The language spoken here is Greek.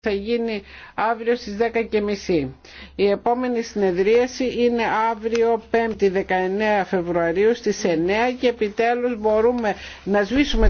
θα γίνει αύριο στις 10.30. Η επόμενη συνεδρίαση είναι αύριο 5η 19 Φεβρουαρίου στις 9 και επιτέλους μπορούμε να σβήσουμε